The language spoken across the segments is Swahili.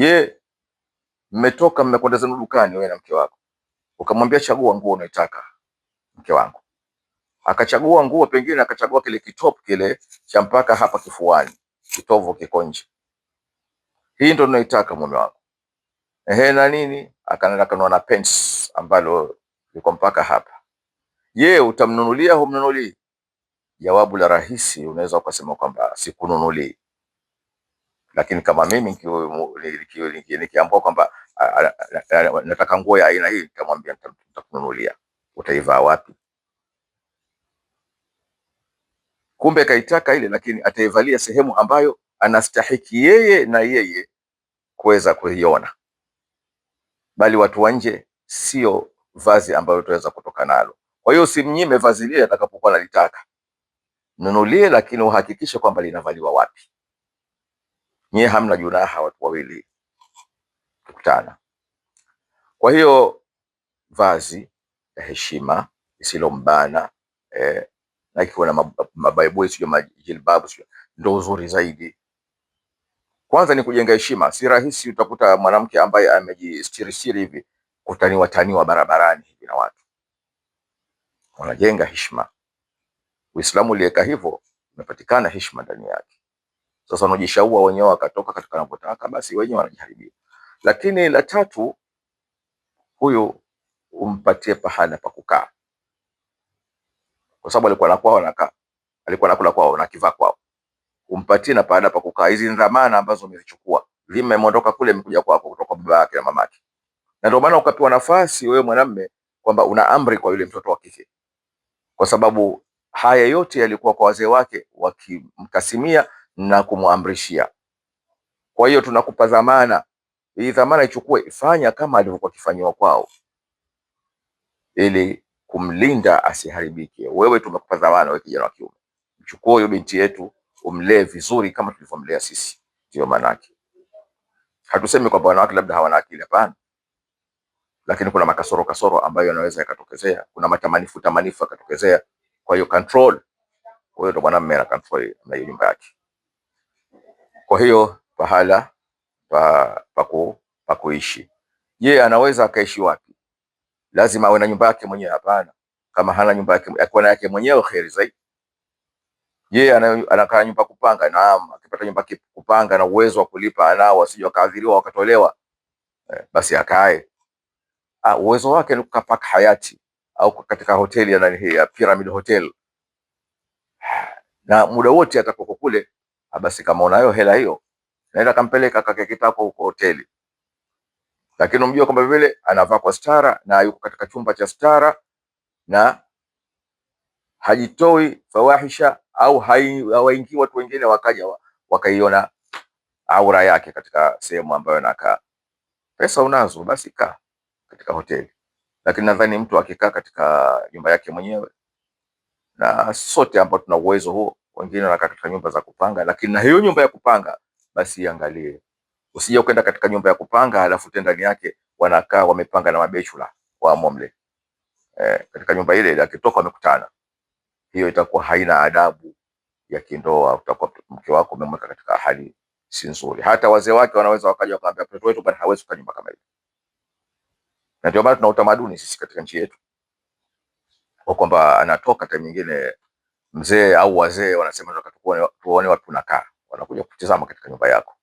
Ye, mmetoka mmekwenda zenu dukani wewe na mke wako, ukamwambia chagua nguo unayotaka, mke wangu, akachagua nguo, pengine akachagua kile kitop kile cha mpaka hapa kifuani, kitovu kiko nje, hii ndo naitaka mume wangu, ehe na nini, akaenda kanua na pants ambalo liko mpaka hapa. Ye, utamnunulia humnunulii? Jawabu la rahisi unaweza ukasema kwamba sikununulii lakini kama mimi nikiambua kwamba nataka nguo ya aina hii, nitamwambia nitakununulia, utaivaa wapi? Kumbe kaitaka ile, lakini ataivalia sehemu ambayo anastahiki yeye na yeye kuweza kuiona, bali watu wa nje sio vazi ambalo tutaweza kutoka nalo. Kwa hiyo usimnyime vazi lile atakapokuwa analitaka, nunulie, lakini uhakikishe kwamba linavaliwa wapi nyie hamna junaha watu wawili kukutana. Kwa hiyo vazi la heshima lisilombana eh, na ikiwa na mabaibui sio majilbabu sio ndo uzuri zaidi. Kwanza ni kujenga heshima. Si rahisi utakuta mwanamke ambaye amejistirisiri hivi kutaniwa taniwa barabarani hivi na watu, wanajenga heshima. Uislamu uliweka hivyo, umepatikana heshima ndani yake. Sasa wanajishaua wenyewe wakatoka katika wanapotaka, basi wenyewe wanajiharibia. Lakini la tatu, huyu umpatie pahala pa kukaa, kwa sababu alikuwa na kwao na kaa alikuwa anakula kwao na kivaa kwao, umpatie na pahala pa kukaa. Hizi ni dhamana ambazo umezichukua, lima imeondoka kule, imekuja kwako kutoka kwa baba yake na mama yake, na ndio maana ukapewa nafasi wewe mwanamme kwamba una amri kwa yule mtoto wa kike, kwa sababu haya yote yalikuwa kwa wazee wake wakimkasimia na kumwamrishia. Kwa hiyo tunakupa dhamana, hii dhamana ichukue, ifanya kama alivyokuwa akifanyiwa kwao, ili kumlinda asiharibike. Wewe tumekupa dhamana, wewe kijana wa kiume, mchukue huyo binti yetu umlee vizuri kama tulivyomlea sisi. Ndio maana yake, hatusemi kwamba wanawake labda hawana akili, hapana, lakini kuna makasoro kasoro ambayo yanaweza yakatokezea, kuna matamanifu tamanifu yakatokezea. Kwa hiyo control, huyo ndo mwanamume ana control na nyumba yake. Kwa hiyo pahala pa, pa kuishi. Je, anaweza akaishi wapi? Lazima awe na nyumba yake mwenyewe? Hapana. Kama hana nyumba yake, akiwa na yake mwenyewe kheri zaidi. Je, anakaa nyumba kupanga? Naam, akipata nyumba kupanga na uwezo wa kulipa anao, asije akaadhiriwa wakatolewa, eh, basi akae. Ah, uwezo wake ni kukapaka Hayati au katika hoteli ya nani hii ya Pyramid Hotel, na muda wote atakuwa kule Ah, basi kama unayo hela hiyo naenda kampeleka kaka kitako huko hoteli, lakini umjue kwamba vile anavaa kwa stara na yuko katika chumba cha stara na hajitoi fawahisha au hawaingii watu wengine wakaja wakaiona aura yake katika sehemu ambayo anakaa. Pesa unazo basi kaa katika hoteli, lakini nadhani mtu akikaa katika nyumba yake mwenyewe, na sote ambao tuna uwezo huo wengine wanakaa katika nyumba za kupanga, lakini na hiyo nyumba ya kupanga basi iangalie, usije ukaenda katika nyumba ya kupanga alafu tena ndani yake wanakaa wamepanga na mabeshula wa momle eh, katika nyumba ile ile akitoka wamekutana, hiyo itakuwa haina adabu ya kindoa. Utakuwa mke wako umemweka katika hali si nzuri. Hata wazee wake wanaweza wakaja wakaambia mtoto wetu bwana hawezi kwa nyumba kama ile, na ndio maana tuna utamaduni sisi katika nchi yetu kwa kwamba anatoka time nyingine mzee au wazee wanasema tunataka tuone tuone watu tunakaa, wanakuja kutizama katika nyumba yako.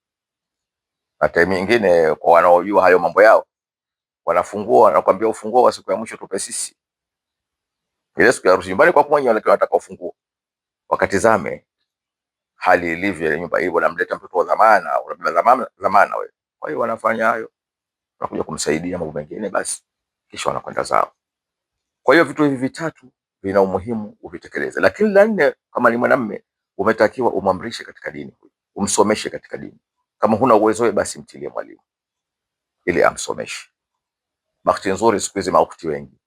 Na time nyingine kwa wanaojua hayo mambo yao wanafungua wanakuambia ufunguo wa siku ya mwisho tupe sisi. Ile siku ya harusi nyumbani kwa kwenye mwenye wanataka ufunguo. Wakatizame hali ilivyo ile nyumba hiyo, namleta mtoto wa dhamana, unabeba dhamana dhamana wewe. Kwa hiyo wanafanya hayo. Wanakuja kumsaidia mambo mengine basi kisha wanakwenda zao. Kwa hiyo vitu hivi vitatu lina umuhimu uvitekeleze. Lakini la nne, kama ni mwanamme umetakiwa umwamrishe katika dini, umsomeshe katika dini. Kama huna uwezo wewe, basi mtilie mwalimu ili amsomeshe. Bahati nzuri siku hizi maukti wengi,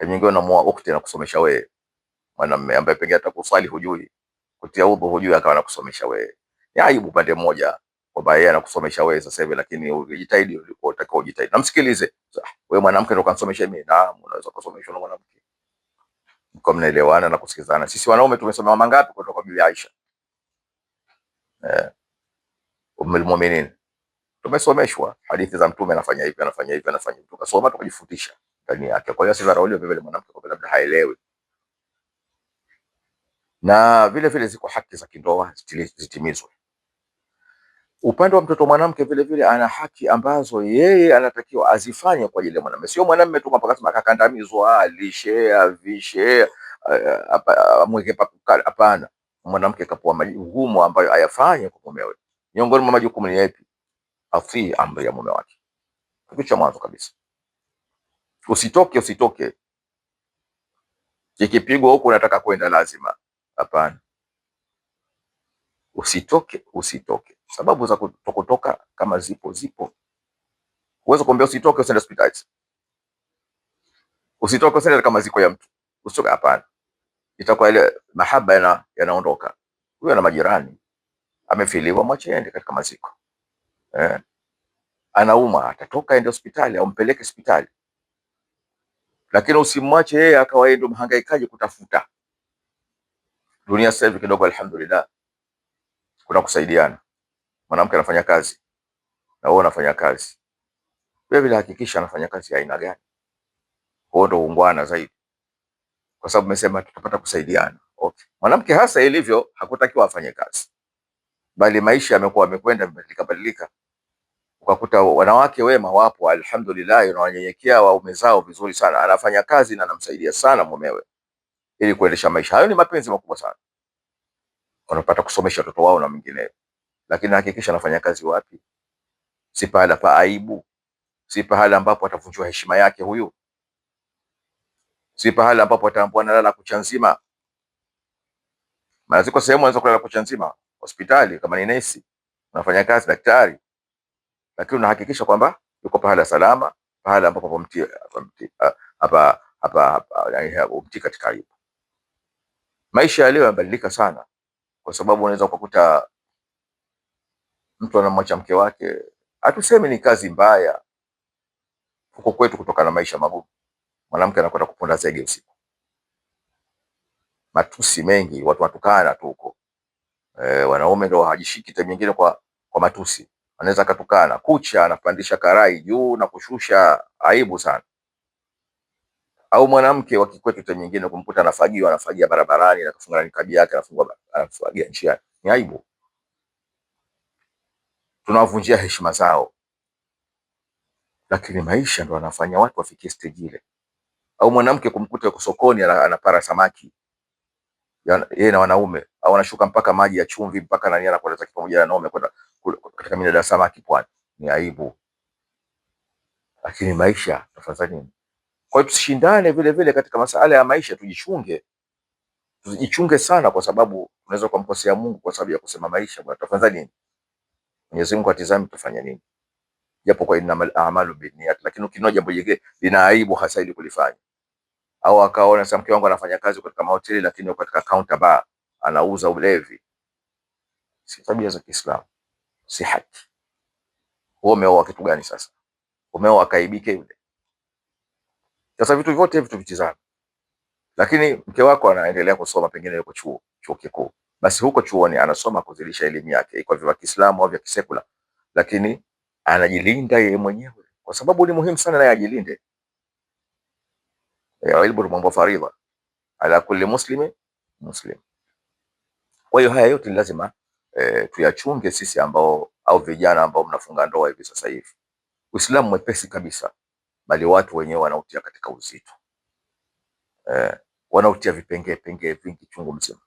nyingine unamuoa ukti na kusomesha wewe mwanamme ambaye pengine hata kuswali hujui, kutia udhu hujui, akawa anakusomesha wewe. Ni aibu pande moja kwamba yeye anakusomesha wewe sasa hivi, lakini ujitahidi ulikuwa utakao, ujitahidi namsikilize Wewe ah, mwanamke ndio kanisomesha mimi? Naam, unaweza kusomeshwa na mwanamke mko mnaelewana na kusikizana. Sisi wanaume tumesoma mangapi kutoka kwa Bibi Aisha eh, Ummul Mu'minin? Tumesomeshwa hadithi za Mtume, anafanya hivi anafanya hivi anafanya hivi, tukasoma tukajifutisha ndani yake. Kwa hiyo asidharauliwe vile mwanamke kwa labda haelewi. Na vile vile ziko haki za kindoa zitimizwe upande wa mtoto mwanamke vile vile ana haki ambazo yeye anatakiwa azifanye kwa ajili ya mwanamume, sio mwanamume tu kwamba kasema akakandamizwa, alishe, avishe, eh, amweke. Hapana, mwanamke kapewa majukumu ambayo ayafanye kwa mumewe. Miongoni mwa majukumu ni yapi? Atii amri ya mume wake, kitu cha mwanzo kabisa. Usitoke, usitoke ikipigwa huko unataka kwenda lazima, hapana, usitoke, usitoke Sababu za kutokotoka kama zipo zipo, huwezi kuambia usitoke usiende hospitali, usitoke usiende kama ziko ya mtu usitoke. Hapana, itakuwa ile mahaba yana yanaondoka. Huyo ana majirani, amefiliwa, mwache aende katika maziko eh. Anauma, atatoka aende hospitali au mpeleke hospitali, lakini usimwache yeye akawa yeye ndo mhangaikaji kutafuta dunia. Sasa hivi kidogo, alhamdulillah, kuna kusaidiana mwanamke anafanya kazi na wewe unafanya kazi, vile vile hakikisha anafanya kazi ya aina gani. Huo ndo uungwana zaidi, kwa sababu umesema tutapata kusaidiana. Okay, mwanamke hasa ilivyo hakutakiwa afanye kazi, bali maisha yamekuwa yamekwenda yamebadilika badilika, ukakuta wanawake wema wapo, alhamdulillah, na wanyenyekea waume zao vizuri sana, anafanya kazi na anamsaidia sana mumewe ili kuendesha maisha. Hayo ni mapenzi makubwa sana, wanapata kusomesha watoto wao na mingineyo lakini hakikisha anafanya kazi wapi? Si pahala pa aibu? Si pahala ambapo atavunjwa heshima yake huyu? Si pahala ambapo ataambiwa analala kucha nzima? Maana ziko sehemu anaweza kulala kucha nzima, hospitali kama ni nesi, unafanya kazi daktari, lakini unahakikisha kwamba yuko pahala salama, pahala ambapo pamti ah, katika aibu. Maisha ya leo yamebadilika sana, kwa sababu unaweza ukakuta mtu anamwacha mke wake, hatusemi ni kazi mbaya huko kwetu, kutokana na maisha magumu, mwanamke anakwenda kuponda zege usiku, matusi mengi, watu watukana tu huko e, wanaume ndio hajishiki tena nyingine kwa, kwa matusi, anaweza katukana kucha, anapandisha karai juu na kushusha, aibu sana. Au mwanamke wa kikwetu tena nyingine kumkuta anafagiwa, anafagia barabarani na kafungana nikabi yake, anafungwa anafagia njiani, ni aibu tunawavunjia heshima zao, lakini maisha ndo anafanya watu wafikie stage ile. Au mwanamke kumkuta yuko sokoni anapara samaki yeye na wanaume, au anashuka mpaka maji ya chumvi mpaka nani, anakwenda zake pamoja na naume kwenda katika mina ya samaki pwani, ni aibu. Lakini maisha tafadhali nini? Kwa hiyo tushindane vile vile katika masuala ya maisha, tujichunge tujichunge sana, kwa sababu unaweza kumkosea Mungu kwa sababu ya kusema maisha bwana, tafadhali nini? Mwenyezi Mungu atizame tufanye nini, japo kwa innamal a'malu binniyat, lakini ukinao jambo jingine lina aibu hasa ili kulifanya, au akaona sasa, mke wangu anafanya kazi katika mahoteli, lakini katika counter bar anauza ulevi. Si tabia za Kiislamu, si haki. Wewe umeoa kitu gani sasa? Umeoa akaibike yule? Sasa vitu vyote hivi tuvitizame, lakini mke wako anaendelea kusoma, pengine yuko chuo chuo kikuu basi huko chuoni anasoma kuzidisha elimu yake, iko vya Kiislamu au vya kisekula, lakini anajilinda yeye mwenyewe, kwa sababu ni muhimu sana naye ajilinde. Ilmu mambo faridha ala kulli muslimi muslim. Kwa hiyo haya yote lazima e, tuyachunge sisi ambao au vijana ambao mnafunga ndoa hivi sasa hivi. Uislamu mwepesi kabisa, bali watu wenyewe wanautia katika uzito e, wanautia vipengee pengee vingi chungu mzima.